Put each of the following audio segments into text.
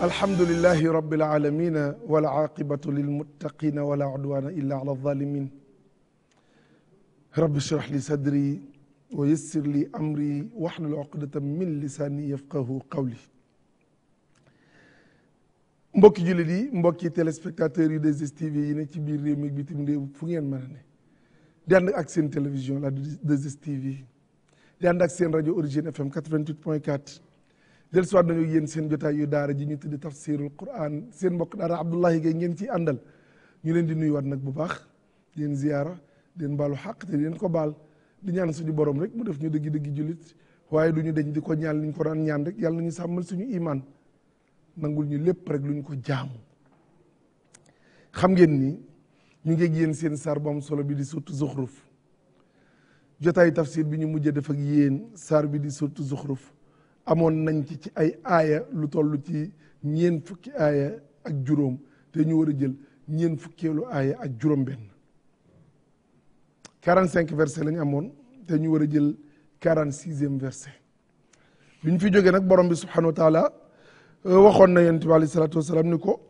alhamdulilahi rabil aalamiina wal aaqibatu lil muttaqiina wala udwaana illaa ala zaalimiin rabbi shrah li sadri wa yassir li amri wahlul uqdatan min lisaani yafqahu qawli mbokki jullit yi mbokki téléspectateurs yi 2STV yi ne ci biir réew mi bitim réew fu ngeen mën a ne di ànd ak seen télévision la 2STV di ànd ak seen rajo origine FM 88 point 4 del suwaat nañu yéen seen jotaay yu daara ji ñu tudd tafsirul quran seen mbokk daara Abdoulaye Gaye ngeen ciy àndal ñu leen di nuyuwaat nag bu baax di leen ziyaara di leen baalu xàq te di leen ko baal di ñaan suñu borom rek mu def ñu dëgg-dëgg jullit waaye du ñu dañ di ko ñaan li ñu ko daan ñaan rek yàlla nañu sàmmal suñu imaan nangul ñu lépp rek lu ñu ko jaamu xam ngeen ni ñu ngi yéen seen saar bu am solo bi di surtu zuxruf jotaayu tafsir bi ñu mujjee def ak yéen saar bi di surtu zuxruf amoon nañ ci ci ay aaya lu tollu ci ñeen fukki aaya ak juróom ñu war a jël ñeen fukkeelu aaya ak juróom benn quarante cinq verset amoon te ñu war a jël quarante sixième verset bi ñu fi jógee nag borom bi subhanahu waxoon na yonent bi alayhi salaatu wasalaam ni ko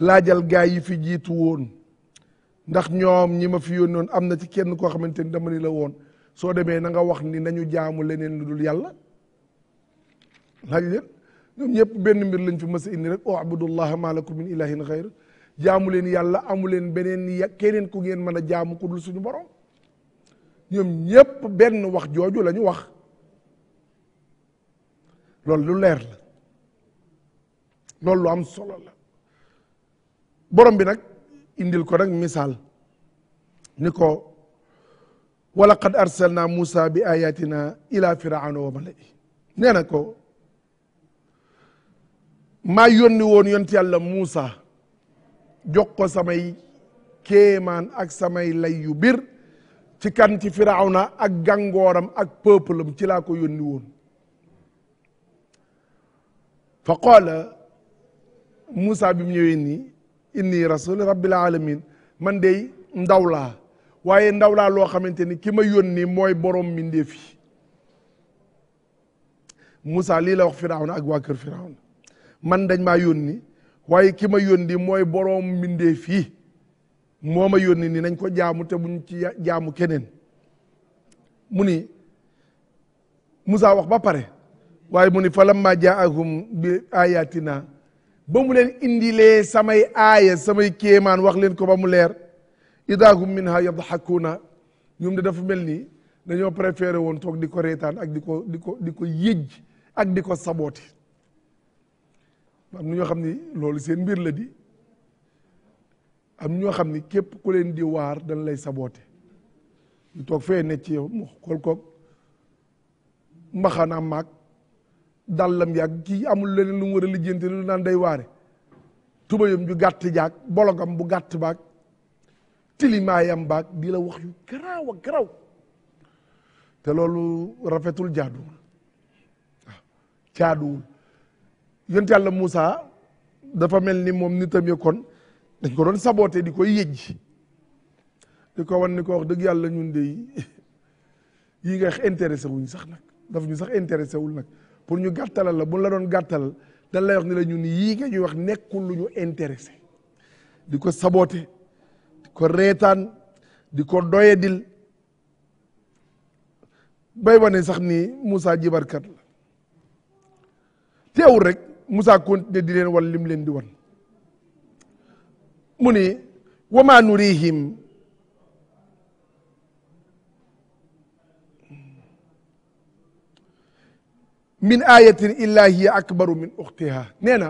laajal gaa yi fi jiitu woon ndax ñoom ñii ma fi yoon noon am na ci kenn koo xamante ni dama ni la woon soo demee nanga wax ni nañu jaamu leneen lu dul yàlla laaj leen ñoom benn mbir lañ fi mës a indi rek o abudullaha ma lakum min ilahin xayr jaamu leen yàlla amu leen beneen ya keneen ku ngeen mën a jaamu ku dul suñu borom ñoom ñëpp benn wax jooju lañu wax loolu lu leer la loolu am solo la borom bi nag indil ko nag misaal ni ko wala qad arsalna Musa bi ayatina ila firaana wa malai nee na ko maa yónni woon yonti yàlla Musa jox ko samay kéemaan ak samay lay yu bir ci kan ci firawna ak gàngooram ak peuple ci laa ko yónni woon fa qaala musa bi mu ñëwee nii inni rasul rabbil alamin man dey ndaw laa waaye ndaw laa loo xamante ni ki ma nii mooy borom mbindeef yi Moussa lii la wax Firawna ak waa kër man dañ maa yónni waaye ki ma yónni mooy boroom mbindeef fii moo ma yónni ni nañ ko jaamu te mu ci jaamu keneen mu ni Moussa wax ba pare waaye mu ni falamma jaahum bi ayatina ba mu leen indilee samay aaya samay kéemaan wax leen ko ba mu leer idaa hum minha yadhakuuna ñoom de dafa mel ni dañoo préféré woon toog di ko reetaan ak di ko di ko di ko yëj ak di ko saboote am na ñoo xam ni loolu seen mbir la di am ñoo xam ni képp ku leen di waar dañ lay saboote ñu toog fee ci yow mu xool ko mbaxanaam dàllam yàgg kii amul leneen lu mu war a lijjanti lu naan day waare tubayam ju gàtt jaag bologam bu gàtt baag tilimaayam baag di la wax yu garaaw a te loolu rafetul jaaduwul waaw ah, jaaduwul yonent yàlla Moussa dafa mel ni moom nitam ya kon dañ ko doon saboté di koy yëjji di ko wan ni ko wax dëgg yàlla ñun de yi nga intéressé wuñ sax nag daf ñu sax intéressé wul nag pour ñu gàttalal la bu la doon gàttal dañ lay wax ni la ñun yii nga ñuy wax nekkul lu ñu intéressé di ko saboté di ko reetaan di ko doyadil bay wane sax ni Moussa jibarkat la teewul rek musa continué di leen wan lim leen di wan mu ni wama nurihim min ayatin illa hiya akbaru min uxtiha nee na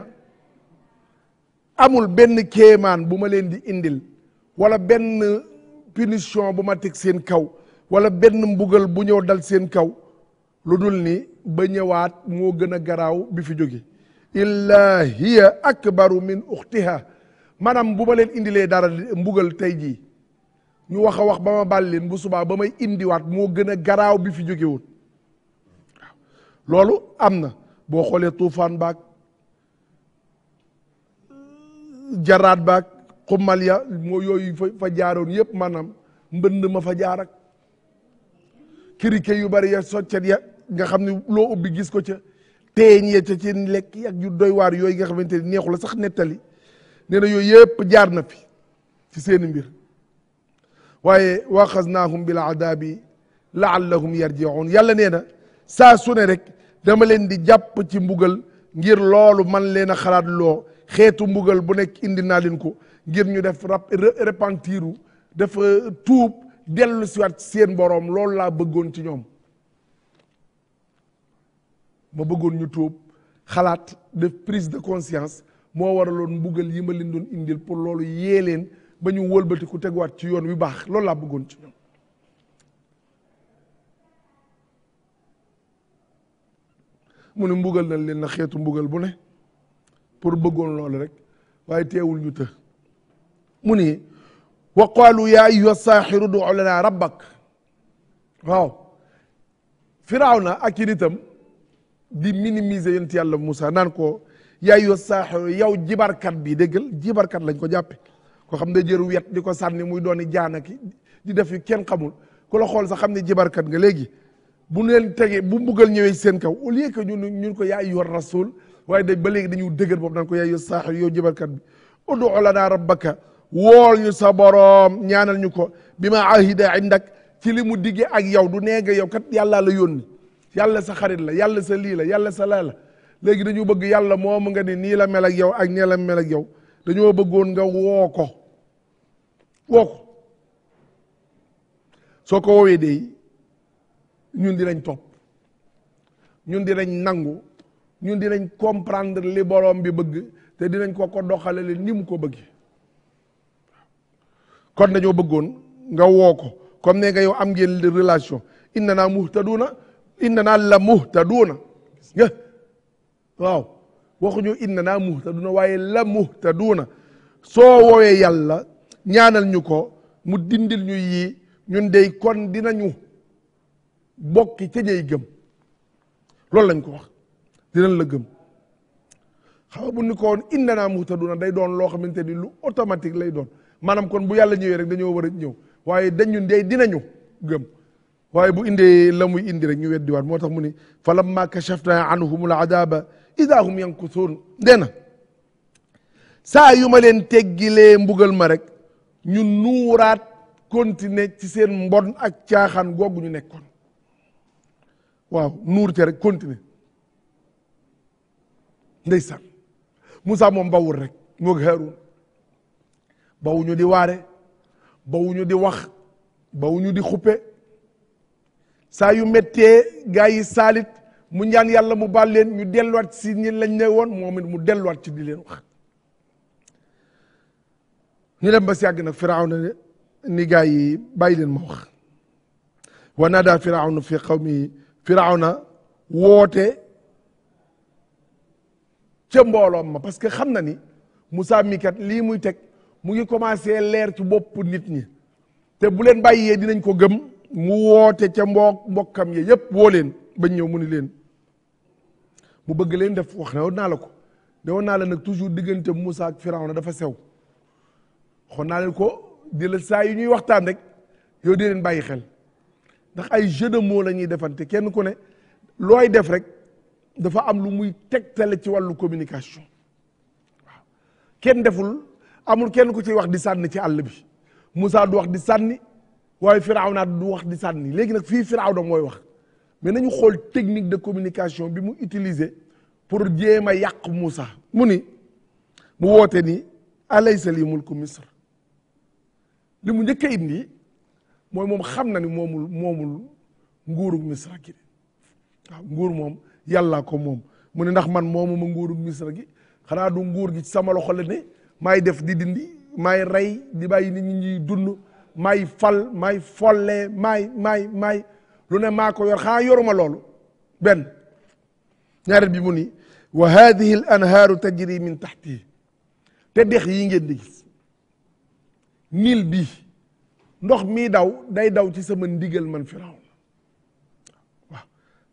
amul benn kéemaan bu ma leen di indil wala benn punition bu ma teg seen kaw wala benn mbugal bu ñëw dal seen kaw lu dul ni ba ñëwaat moo gën a garaaw bi fi jóge illa hiya akbaru min uxtiha maanaam bu ma leen indilee dara mbugal tey jii ñu wax wax ba ma bàl leen bu subaa ba may indiwaat moo gën a garaaw bi fi jóge woon loolu am na boo xoolee tuufaan baak jaraat baak xummal ya moo yooyu fa jaaroon yëpp maanaam mbënd ma fa jaar ak kirike yu bari ya soccet ya nga xam ne loo ubbi gis ko ca teeñ ya ca ci lekk ak yu doy waar yooyu nga xamante ni neexu la sax nettali nee yooyu yëpp jaar na fi ci seeni mbir waaye waaxaznaahum bil adaabi laallahum yarjiun yàlla nee na saa sune rek dama leen di jàpp ci mbugal ngir loolu man leen a xalaat loo xeetu mbugal bu nekk indi naa leen ko ngir ñu def repentiru def euh, tuub dellu siwaat seen boroom loolu laa bëggoon ci ñoom ma bëggoon ñu tuub xalaat def prise de conscience moo waraloon mbugal yi ma leen doon indil pour loolu yee leen ba ñu ku wëlbatiku teguwaat ci yoon wi baax loolu laa bëggoon ci ñoom mu ne mbugal nañ leen na xeetu mbugal bu ne pour bëggoon lool rek waaye teewul ñu të mu ni wa qaalu yaa ayyuha saaxiru du lana rabbak waaw firawna ak i nitam di minimiser yonent yàlla Moussa naan ko yaa ayyuha saaxiru yow bii bi déggal jibarkat lañ ko jàppe ko xam ne jëru wet di ko sànni muy dooni jaanaki di def yu kenn xamul ku la xool sax xam ne jibarkat nga léegi bu ñu leen tegee bu mbugal ñëwee seen kaw au lieu que ñun ñun ko yaa ayyuha rasul waaye dañ ba léegi dañu dëgër boobu naan ko yaa ayyuha saaxir yow jëbalkat bi udu lana rabbaka wool ñu sa boroom ñaanal ñu ko bi ma ay indak ci li mu diggee ak yow du nee nga yow kat yàllaa la yónni yàlla sa xarit la yàlla sa lii la yàlla sa laa la léegi dañu bëgg yàlla moomu nga ni nii la mel ak yow ak nee la mel ak yow dañoo bëggoon nga woo ko woo ko soo ko woowee de ñun dinañ topp ñun dinañ nangu ñun dinañ comprendre li borom bi bëgg te dinañ ko ko doxalale ni mu ko bëggee kon dañoo bëggoon nga woo ko comme ne nga yow am ngeen relation inna naa muhtaduuna inna naa la muhtaduuna nga waaw waxuñu inna naa duna waaye la muhtaduuna soo woowee yàlla ñaanal ñu ko mu dindil ñu yii ñun dey kon dinañu bokki ca ñay gëm loolu lañ ko wax dinañ la gëm xam nga bu ni ko woon innanaa muhtaduna day doon loo xamante ni lu automatique lay doon maanaam kon bu yàlla ñëwee rek dañoo war a ñëw waaye dañu ndey dinañu gëm waaye bu indee la indi rek ñu weddi war moo tax mu ni fa lamma kashafna anhum al adaba ida hum yankusuun dee na saa yu ma leen teggilee mbugal ma rek ñu nuuraat continuer ci seen mbon ak caaxaan googu ñu nekkoon waaw nuur te rek continuer ndeysaan Moussa moom bawul rek moog Haarun bawuñu di waare bawuñu di wax bawuñu di xuppe saa yu méttee gaa yi saalit mu ñaan yàlla mu baal leen ñu delluwaat si ñi lañ ne woon moom it mu delluwaat ci di leen wax ñu dem ba si yàgg nag Firawna ni gaa yi bàyyi leen ma wax wa naadaa Firawna fi qawmihi na woote ca mbooloom ma parce que xam na ni Moussa mi kat lii muy teg mu ngi commencé leer ci bopp nit ñi te bu leen bàyyee dinañ ko gëm mu woote ca mboo mbokkam ya yépp woo leen bañ ñëw mu ni leen mu bëgg leen def wax ne woon naa la ko ne woon naa la nag toujours diggante Moussa ak na dafa sew xon naa leen ko di la saa yu ñuy waxtaan rek yow di leen bàyyi xel ndax ay jeu de mots la ñuy defante kenn ku ne looy def rek dafa am lu muy teg tegtale ci wàllu communication waaw kenn deful amul kenn ku ciy wax di sànni ci àll bi Moussa du wax di sànni waaye naa du wax di sànni léegi nag fii Firawna mooy wax mais nañu xool technique de communication bi mu utiliser pour jéem a yàq Moussa mu ni mu woote ni alaysa li mulku Misr li mu njëkk a indi mooy moom xam na ni moomul moomul nguurug misra gi waaw nguur moom yàllaa ko moom mu ne ndax man ma nguurug misra gi xanaa du nguur gi sama loxo la ne maay def di dindi may rey di bàyyi nit ñi ñuy dund maay fal may folle maay maay lu ne maa ko yor ma loolu benn ñaareel bi mu ni wa hadihi al anhaaru tajri min taxtihi te dex yi ngeen di gis niil ndox mii daw day daw ci sama ndigal man firawn waaw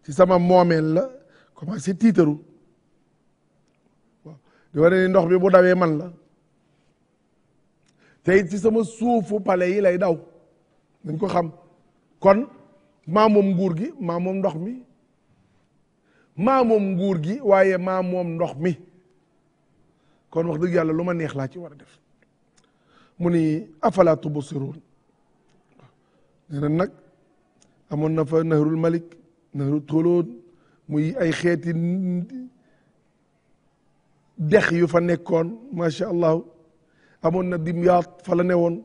ci sama moomeel la commencé tiitaru waaw di wane ni ndox bi bu dawee man la te ci sama suufu pale yi lay daw dañ ko xam kon maa moom nguur gi maa ndox mi maa moom nguur gi waaye maa moom ndox mi kon wax dëgg yàlla lu ma neex laa ci war a def mu ni afala tubsiruun ren nag amoon na fa nahrul malik nahru xulóod muy ay xeeti dex yu fa nekkoon macha allah amoon na dimyaat fa la ne woon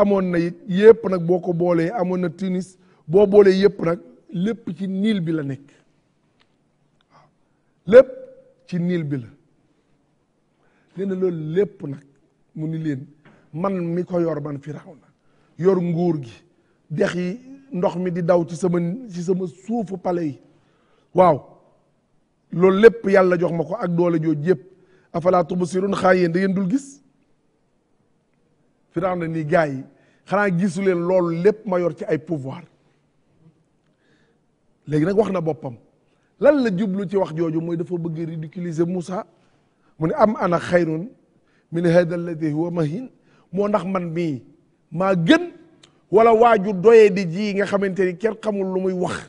amoon na it yépp nag boo ko boolee amoon na tunis boo boolee yëpp nag lépp ci niil bi la nekk waaw lépp ci niil bi la nee na loolu lépp nag mu ni leen man mi ko yor man na yor nguur gi dex yi ndox mi di daw ci sama ci sama suufu pale yi waaw loolu lépp yàlla jox ma ko ak doole jooju yëpp afalaa tubsirun xaa yéen da ngeen dul gis firaaw na nii yi xanaa gisu leen loolu lépp ma yor ci ay pouvoir léegi nag wax na boppam lan la jublu ci wax jooju mooy dafa bëgg ridiculiser Moussa mu ne am ana xayrun min hada alladi huwa mahin moo ndax man mii maa gën wala waaju doyee di ji nga xamante ni kenn xamul lu muy wax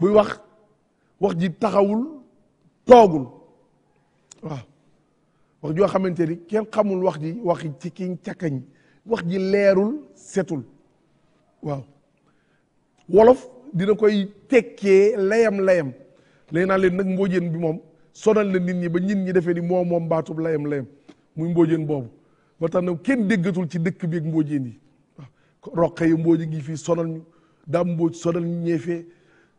buy wax wax ji taxawul toogul waaw wax joo xamante ni kenn xamul wax ji wax ci kiñ cakkañ wax ji leerul setul waaw wolof dina koy tekkee layam layam léegi naa leen nag mbóojeen bi moom sonal na nit ñi ba nit ñi defee ni moo moom baatub layam layam muy mbóojeen boobu ba tax na kenn déggatul ci dëkk bi ak mbóojeen yi roqe yi mbooj ngi fii sonal ñu daa mbooj sonal ñu ñeefee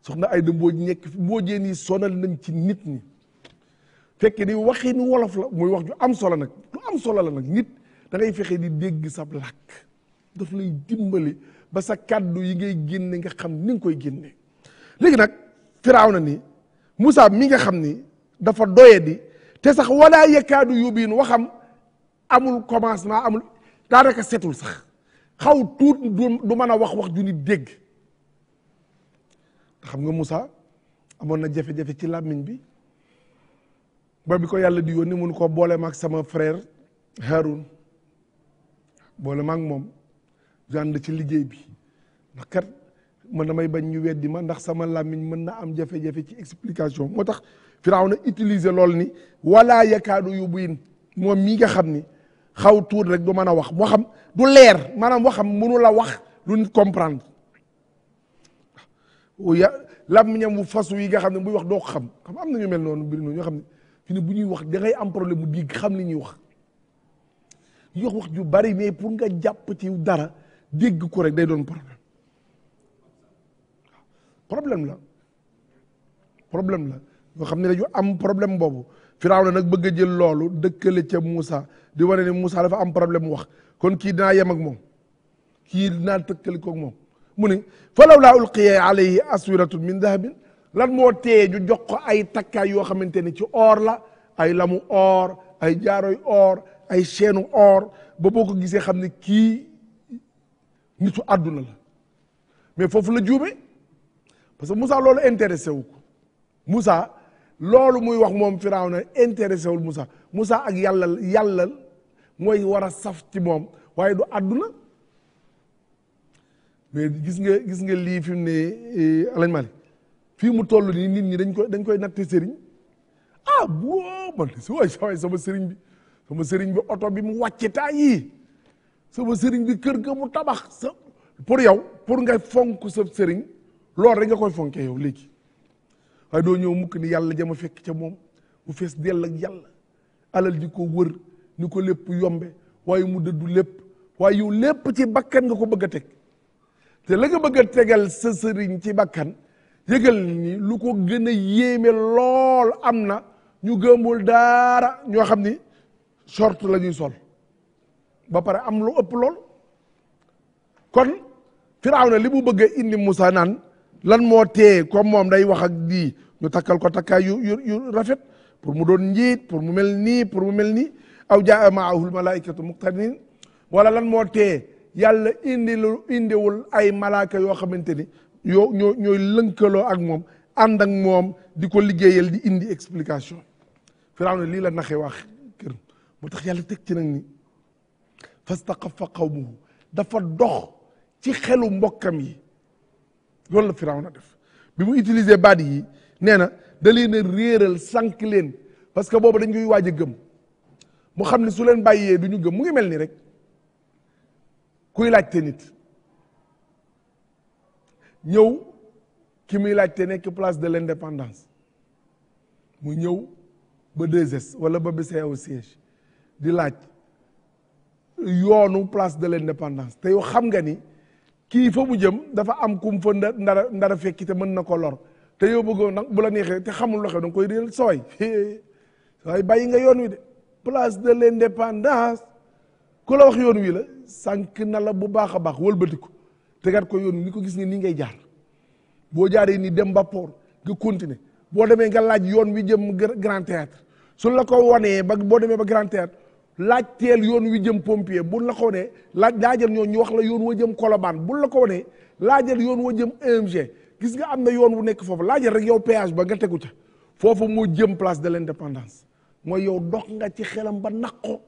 soxna Ayda mbooj ñekk fi mboojeen yi sonal nañ ci nit ñi fekke di waxiinu wolof la muy wax ju am solo nag lu am solo la nag nit da ngay fexe di dégg sab làkk daf lay dimbali ba sa kàddu yi ngay génne nga xam ni nga koy génne léegi nag firaaw na ni Moussa mi nga xam ni dafa doye di te sax walaa yekkaadu yóbbiin waxam amul commencement amul daanaka setul sax xaw tuut du man a wax wax ju nit dégg xam nga musa amoon na jafe-jafe ci làmmiñ bi ba bi ko yàlla di yoon yónni mun koo boole maag sama frère Haroun boole maag moom ànd ci liggéey bi ndax kat man damay bañ ñu weddi ma ndax sama làmmiñ mën na am jafe-jafe ci explication moo tax Firawna utiliser lool ni wala yakaadu yubiin moom mii nga xam ni xaw tuur rek du mën a wax moo waxam du leer maanaam waxam mënu la wax lu nit comprendre ya làmmiñam wu fasu yi nga xam ne buy wax doo ko xam xam am na ñu mel noonu mbir ñoo xam ne ni ne bu ñuy wax dangay am problème mu dégg xam li ñuy wax ñuy wax wax ju bari mais pour nga jàpp ci dara dégg ko rek day doon problème problème la problème la ñoo xam ne dañu am problème boobu Firawna nag bëgg jël loolu dëkkale ca Moussa di wane ni Moussa dafa am problème wax kon kii dinaa yem ak moom kii dinaa tëkkale koog moom mu ni fa lawlaa ulqiya alayhi aswiratun min dahabin lan moo tee ñu jox ko ay takkaay yoo xamante ni ci or la ay lamu or ay jaaroy or ay chaîne or ba boo ko gisee xam ne kii nitu àdduna la mais foofu la juume parce que Moussa loolu intéressé wu ko loolu muy wax moom Firawna intéressé wul musa Moussa ak yàlla yàlla mooy war a saf ci moom waaye du àdduna mais gis nga gis nga lii fi mu ne eh, alañ mali fii mu toll nii nit ñi dañ koy dañ koy natte sëriñ ah bo man si waay saway sama sëriñ bi sama sëriñ bi oto bi mu wàcce taa yii sama sëriñ bi kër ga mu tabax sa pour yow pour nga fonk sa sëriñ loolu rek nga koy fonkee yow léegi waaye doo ñëw mukk ni yàlla jama fekk ca moom bu fees dell ak yalla alal ji ko wër ni ko lépp yombe waaye mu dëddu lépp waaye yow lépp ci bakkan nga ko bëgg a teg te la nga bëgg tegal sa sëriñ ci bakkan yëgal ni lu ko gën a yéeme lool am na ñu gëmul daara ñoo xam ni short la ñuy sol ba pare am lu ëpp lool kon Firawna li mu bëgg indi Musa naan lan moo tee comme moom day wax ak di ñu takkal ko takkaay yu yu rafet pour mu doon njiit pour mu mel nii pour mu mel nii aw jaa maahul malaikatu muqtadin wala lan moo tee yàlla indilu indiwul ay malaaka yoo xamante ni yoo ñoo ñooy lënkaloo ak moom ànd ak moom di ko liggéeyal di indi explication firawna lii la naxe wax kër moo tax yàlla teg ci nag ni fastaqafa qawmuhu dafa dox ci xelu mbokkam yi loolu la na def bi mu utiliser baat yi nee na da leen a réeral sànq leen parce que boobu dañ koy waaj a gëm mu xam ne su leen bàyyee du ñu gëm mu ngi mel ni rek kuy laajte nit ñëw ki muy laajte nekk place de l'indépendance mu ñëw ba 2S wala ba BCEAO au siège di laaj yoonu place de l'indépendance te yow xam nga ni. kii fa mu jëm dafa am kum fa ndara ndara fekki te mën na ko lor te yow bëggoon nag bu la neexee te xamul loxo da koy réel sooy waaye bàyyi nga yoon wi de place de l'indépendance ku la wax yoon wi la sànq nala la bu baax a baax wëlbatiku tegaat ko yoon wi ni ko gis ni nii ngay jaar boo jaaree nii dem ba poor nga continuer boo demee nga laaj yoon wi jëm grand théâtre su la ko wanee ba boo demee ba grand théâtre laajteel yoon wi jëm pompier bu la ko ne laaj laajal ñoo ñu wax la yoon wa jëm kolobaan bu la ko ne laajal yoon wa jëm EMG gis nga am na yoon wu nekk foofu laajal rek yow péage ba nga tegu ca foofu moo jëm place de l'indépendance mooy yow dox nga ci xelam ba naq ko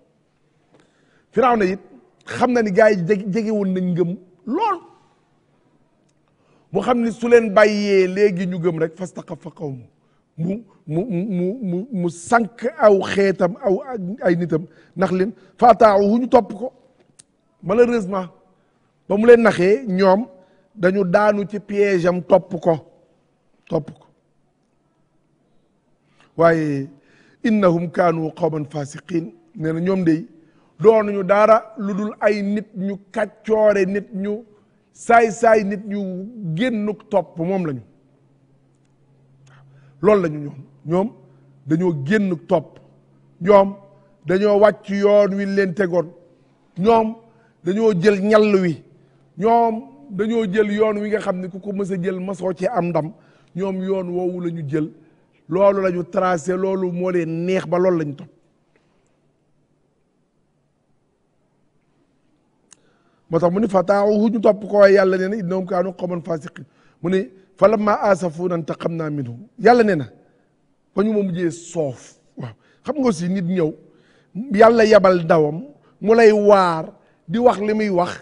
it xam na ni gars yi jege woon nañ ngëm lool mu xam ni su leen bàyyee léegi ñu gëm rek fastaxafa qawmu mu mu mu mu mu sànq aw xeetam aw ay nitam ndax leen faataaw wu ñu topp ko malheureusement ba mu leen naxee ñoom dañu daanu ci piège topp ko topp ko waaye innahum kaanu qawman fasiqin nee na ñoom day doonuñu daara lu dul ay nit ñu kàccoore nit ñu saay-saay nit ñu génnuk topp moom lañu loolu lañu ñoom ñoom dañoo génn topp ñoom dañoo wàcc yoon wi leen tegoon ñoom dañoo jël ñall wi ñoom dañoo jël yoon wi nga xam ni ku ko mës a jël masoo ci am ndam ñoom yoon woowu la ñu jël loolu lañu ñu tracé loolu moo leen neex ba loolu la ñu topp moo tax mu ni fataawuhu ñu topp ko waaye yàlla nee na innahum kaanu qawman fasiqin mu ni fa lamma asafuuna intaqamna minhum yàlla nee na ba ñu ma mujjee soof waaw xam nga aussi nit ñëw yàlla yabal dawam mu lay waar di wax li muy wax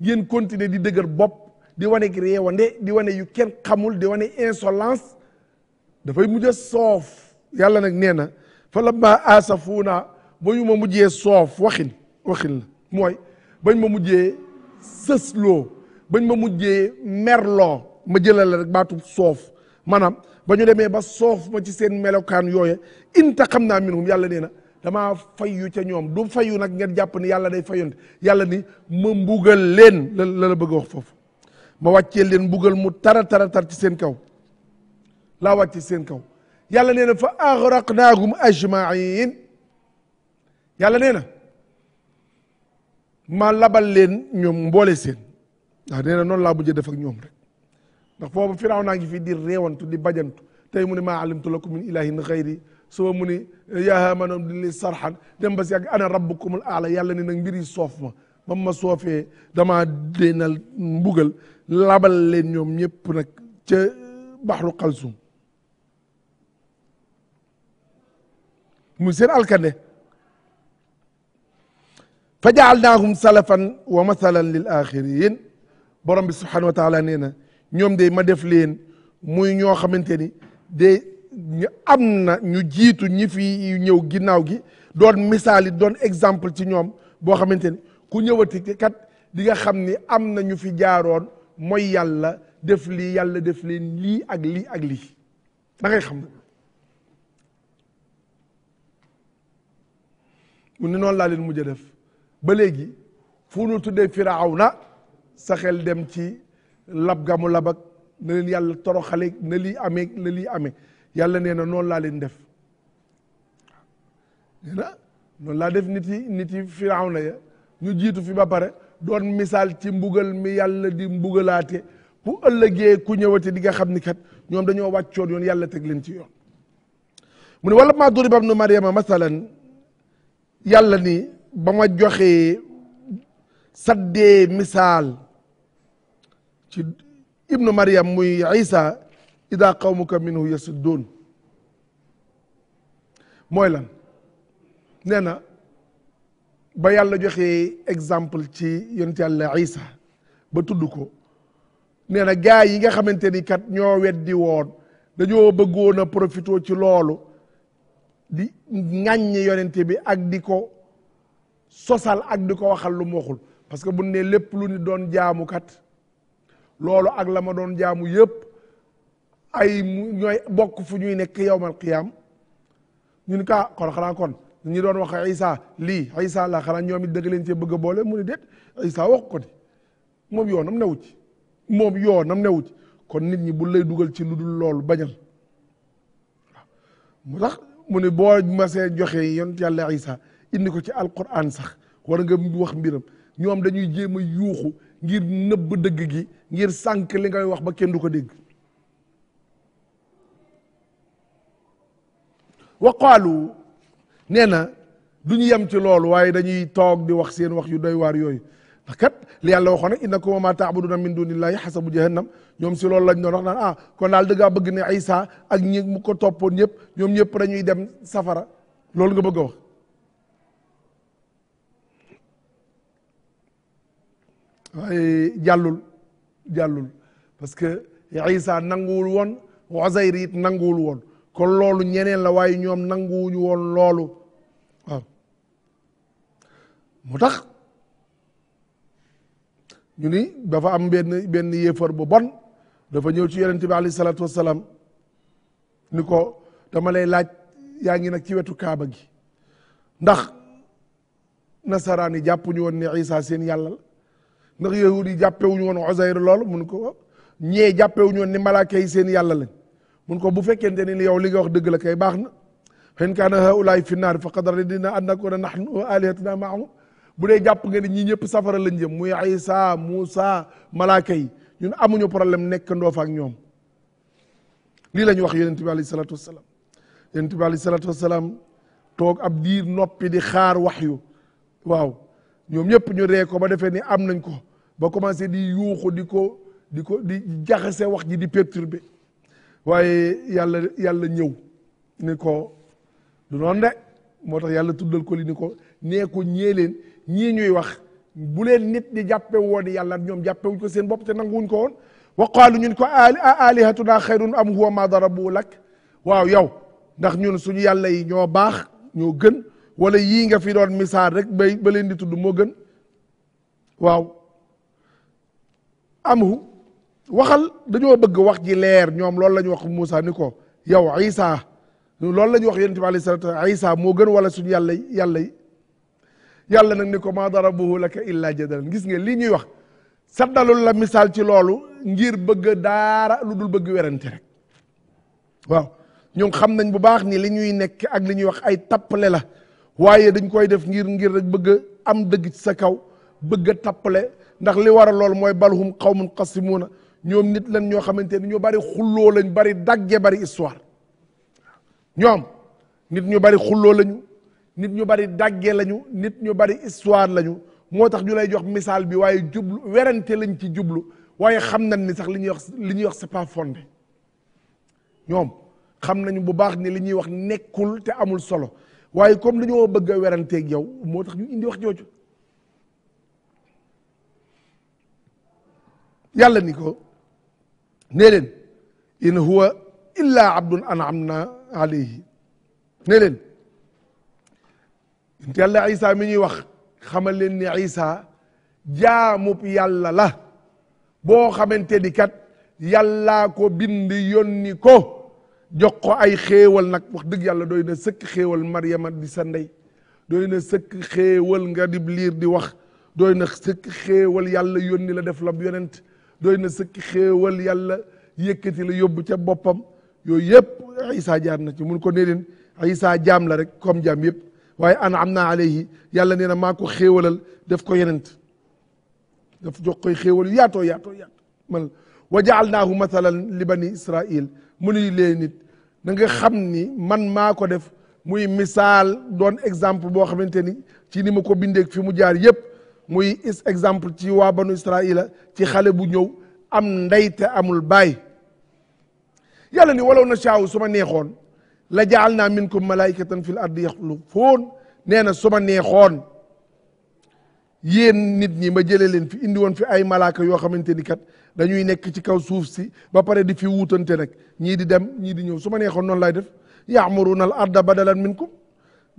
yéen continuer di dëgër bopp di wane ki réewande di wane yu kenn xamul di wane insolence dafay mujj soof yàlla nag nee na fa lamma asafuuna ba ñu ma mujjee soof waxin waxin la mooy bañ ma mujjee sësloo bañ ma mujjee merloo ma jëlal la rek baatu soof maanaam ba ñu demee ba soof ma ci seen melokaan yooya inta xam naa minhum yàlla nee na damaa fayyu ca ñoom du fayyu nag ngeen jàpp ni yàlla day fayonte yàlla ni ma mbugal leen la la la bëgg a wax foofu ma wàccee leen mbugal mu tara tara tar ci seen kaw laa wàcce seen kaw yàlla nee na fa aghraqnaahum ajmain yàlla nee na ma labal leen ñoom mboole seen ndax nee na noonu laa mujjee def ak ñoom rek ndax boobu firaaw naa ngi fi di réewantu di bajantu tey mu ne maa alimtu lakum min ilahin xayri suba mu ni yaa Haamaanu ibni li sarhan dem ba si yàgg ana rabbukumul aala yàlla ne nag mbir yi soof ma ba ma soofee damaa déenal mbugal labal leen ñoom ñëpp nag ca baxru xalsum mu seen alkande fa jaalnaahum salafan wa masalan lil axirin borom bi subhanahu wa taala nee na ñoom de ma def leen muy ñoo xamante ni de ñu am na ñu jiitu ñi fi ñëw ginnaaw gi doon misaal yi doon exemple ci ñoom boo xamante ni ku ñëwati kat di nga xam ni am na ñu fi jaaroon mooy yàlla def lii yàlla def leen lii ak lii ak lii da xam na mu ne noonu laa leen mujj def ba léegi fu nu tuddee firawna sa xel dem ci lab gamu labak na yàlla toroxale na lii amee na lii yàlla nee na noonu laa leen def nee na noonu laa def nit yi nit yi firawna ya ñu jiitu fi ba pare doon misaal ci mbugal mi yàlla di mbugalaate bu ëllëgee ku ñëwate di nga xam ni kat ñoom dañoo wàccoon yoon yàlla teg leen ci yoon mu ne wala maa duriba ibnu maryama masalan yàlla ni ba ma joxee saddee misaal ci ibnu Maryam muy Isa ida qawmuka minhu yasudduun mooy lan nee na ba yàlla joxe exemple ci yonent yàlla Isa ba tudd ko nee na gaa yi nga xamante ni kat ñoo weddi woon dañoo bëggoon a profité ci loolu di ŋàññi yonente bi ak di ko sosal ak di ko waxal lu waxul parce que bu ne lépp lu ni doon jaamu kat loolu ak la ma doon jaamu yépp ay ñooy bokk fu ñuy nekk yowmal qiyaam ñu ni kaa kon xanaa kon ñu doon wax Isa lii Isa la xanaa ñoom it dëgg leen cee bëgg a boole mu ne déet Isa wax ko di moom yoonam newu ci moom yoonam newu ci kon nit ñi bu lay dugal ci lu dul loolu bañal mu tax mu ne boo masee joxe yonent yàlla Isa indi ko ci alquran sax war nga wax mbiram ñoom dañuy jéem a yuuxu ngir nëbb dëgg gi ngir sànk li ngay wax ba kenn du ko dégg wax waqaalu nee na du ñu yem ci lool waaye dañuy toog di wax seen wax yu doy waar yooyu ndax kat li yàlla waxoon nag innakum wa ma taabuduna min dunillahi xasabu jahannam ñoom si loolu lañ doon wax naan ah kon daal da ngaa bëgg ne Isa ak ñi mu ko toppoon ñëpp ñoom ñëpp dañuy dem safara loolu nga bëgg a wax jàllul jàllul parce que Isa nanguwul woon Uzayr nanguwul woon kon loolu ñeneen la waaye ñoom nanguwuñu woon loolu waaw moo tax ñu ni dafa am benn benn yéefar bu bon dafa ñëw ci yonent bi alayhi salaatu wassalaam ni ko dama lay laaj yaa ngi nag ci wetu kaaba gi ndax nasaraan yi jàppuñu woon ne Isa seen yàllal ndax yahud yi jàppewuñu woon Uzayr loolu ko ñee jàppewuñu woon ni malaaka yi seen yàlla lañ mun ko bu fekkente ni yow li nga wax dëgg la kay baax na xen kaana haulaay fi naar faqad radina an nakuna nahnu alihatuna maahum bu dee jàpp nga ni ñii ñëpp safara lañu jëm muy Isa Muusa malaaka yi ñun amuñu problème nekk ndoo fa ak ñoom lii la ñu wax yonent bi alayhi salaatu wasalaam yonent bi alayhi salaatu wasalaam toog ab diir noppi di xaar wax yu waaw ñoom ñëpp ñu ree ko ba defee ni am nañ ko ba commencé di yuuxu di ko di ko di jaxase wax ji di bi waaye yàlla yàlla ñëw ni ko du noonu de moo tax yàlla tuddal ko li ni ko nee ko ñee leen ñii ñuy wax bu leen nit di jàppe woon yàlla ñoom jàppewu ko seen bopp te nanguwuñ ko woon wa ñun ko a alihatuna xayrun am huwa ma bu lak waaw yow ndax ñun suñu yàlla yi ñoo baax ñoo gën wala yii nga fi doon misaal rek ba ba leen di tudd moo gën waaw amhu waxal dañoo bëgg wax ji leer ñoom loolu la ñu wax Moussa ni ko yow Isa loolu la wax yonent bi alayhi salaatu Isa moo gën wala suñu yàlla yàlla yàlla nag ni ko maa darabuhu laka illa jadalan gis nga lii ñuy wax saddalul la misaal ci loolu ngir bëgg daara lu bëgg werante rek xam nañ bu baax ni li ñuy nekk ak li ñuy wax ay tappale la waaye dañ koy def ngir ngir rek bëgg am dëgg sa kaw bëgg a tappale ndax li war a loolu mooy balhum qawmun qasimuuna ñoom nit lan ñoo xamante ni ñu bari xulloo lañ bari dagge bari histoire ñoom nit ñu bari xulloo lañu nit ñu bari dagge lañu nit ñu bari histoire lañu moo tax ñu lay jox misaal bi waaye jublu werante lañ ci jublu waaye xam nañ ni sax li ñuy wax li ñuy wax c'est pas ñoom xam nañu bu baax ni li ñuy wax nekkul te amul solo waaye comme dañoo bëgg a weranteeg yow moo tax ñu indi wax jooju yàlla ni ko nee leen in huwa illa abdun an'amna alayhi nee leen yàlla isa mi ñuy wax xamal leen ni isa jaamub yàlla la boo xamante di kat yàllaa ko bind yónni ko jox ko ay xéewal nag wax dëgg yàlla dooy na sëkk xéewal Maryama di sa ndey doy na sëkk xéewal nga di di wax doy na sëkk xéewal yàlla yónni la def la yonent doy na sëkk xéewal yàlla yëkkati la yóbbu ca boppam yooyu yëpp isa na ci mun ko ne leen isa jaam la rek comme jaam yëpp waaye ana am naa alayhi yàlla nee na maa ko xéewalal def ko yenent daf jox koy xéewal yaatoo yaatoo yaatoo man wa jaalnaahu mathalan li bani israil mu ni nit na nga xam ni man maa ko def muy misaal doon exemple boo xamante ni ci ni ma ko bindeek fi mu jaar yëpp muy exemple ci waa banu israila ci xale bu ñëw am ndey amul baay yàlla ni walaw na shaaw su ma neexoon la jaal naa minkum malaikatan fil ardi yaxlufoon nee na su ma neexoon yéen nit ñi ma jëlee leen fi indi woon fi ay malaaka yoo xamante ni kat dañuy nekk ci kaw suuf si ba pare di fi wuutante nag ñii di dem ñii di ñëw su ma neexoon noonu laay def yaamuruuna al arda badalan minkum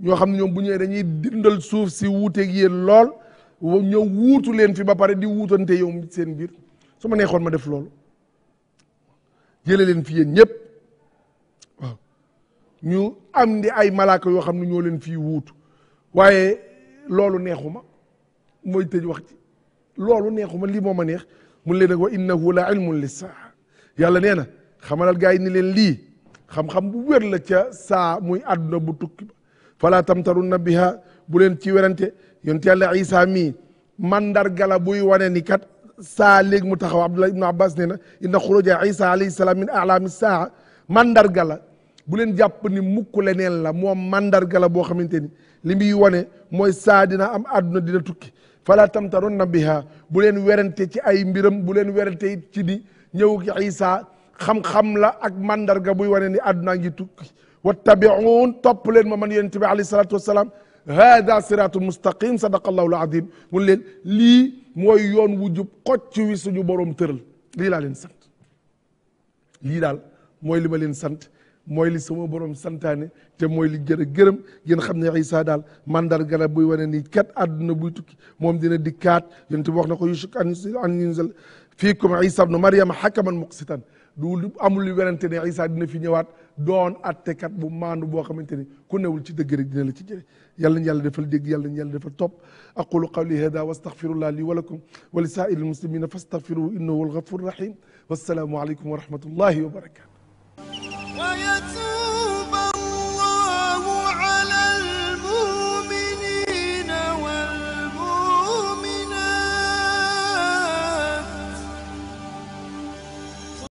ñoo xam ne ñoom bu ñëwee dañuy dindal suuf si wuuteeg yéen lool ñëw wuutu leen fi ba pare di wuutante yow seen biir su ma neexoon ma def loolu jële leen fi yéen ñëpp waaw ñu am di ay malaaka yoo xam ne ñoo leen fii wuutu waaye loolu neexu ma mooy tëj wax ci loolu neexuma lii moo ma neex mun leen nag wa innahu la ilmun yàlla nee na xamalal gaa yi ni leen lii xam-xam bu wér la ca saa muy àdduna bu tukki ba fala tamtarunna biha bu leen ci werante yonent yàlla isa mii mandarga la buy wane ni kat saa léegi mu taxaw abdullah ibnu abbas nee na inna xuruja isa alayhi salaam min alaami saa mandarga la bu leen jàpp ni mukk leneen la moom mandarga la boo xamante ni li muy wane mooy saa dina am àdduna dina tukki fala tamtaronna biha bu leen werante ci ay mbiram bu leen werante ci di ñëw gi isa xam-xam la ak mandarga buy wane ni àdduna ngi tukki wattabiun topp leen ma man yonent bi alayhi salaatu wassalaam hada siratu mustaqim sadaqallahu alazim mun leen lii mooy yoon wu jub xocc wi suñu boroom tëral lii laa leen sant lii daal mooy li ma leen sant mooy li sama borom santaane te mooy li gërë gërëm ngeen xam ne Isa daal mandarga la buy wane nii kat àdduna buy tukki moom dina dikkaat yonent bi wax na ko yushak an yunzal fiikum Isa ibnu Maryam hakaman muqsitan du amul lu werante ne Isa dina fi ñëwaat doon attekat bu maandu boo xamante ni ku newul ci dëgg rek dina la ci jëre yàlla ñu yàlla defal dégg yàlla ñu yàlla defal topp aqulu qawli hada wa astaghfirullah li wa lakum wa li saa'iri almuslimina fastaghfiruhu innahu huwal ghafurur rahim wassalaamu aleykum wa rahmatullahi wa barakatuh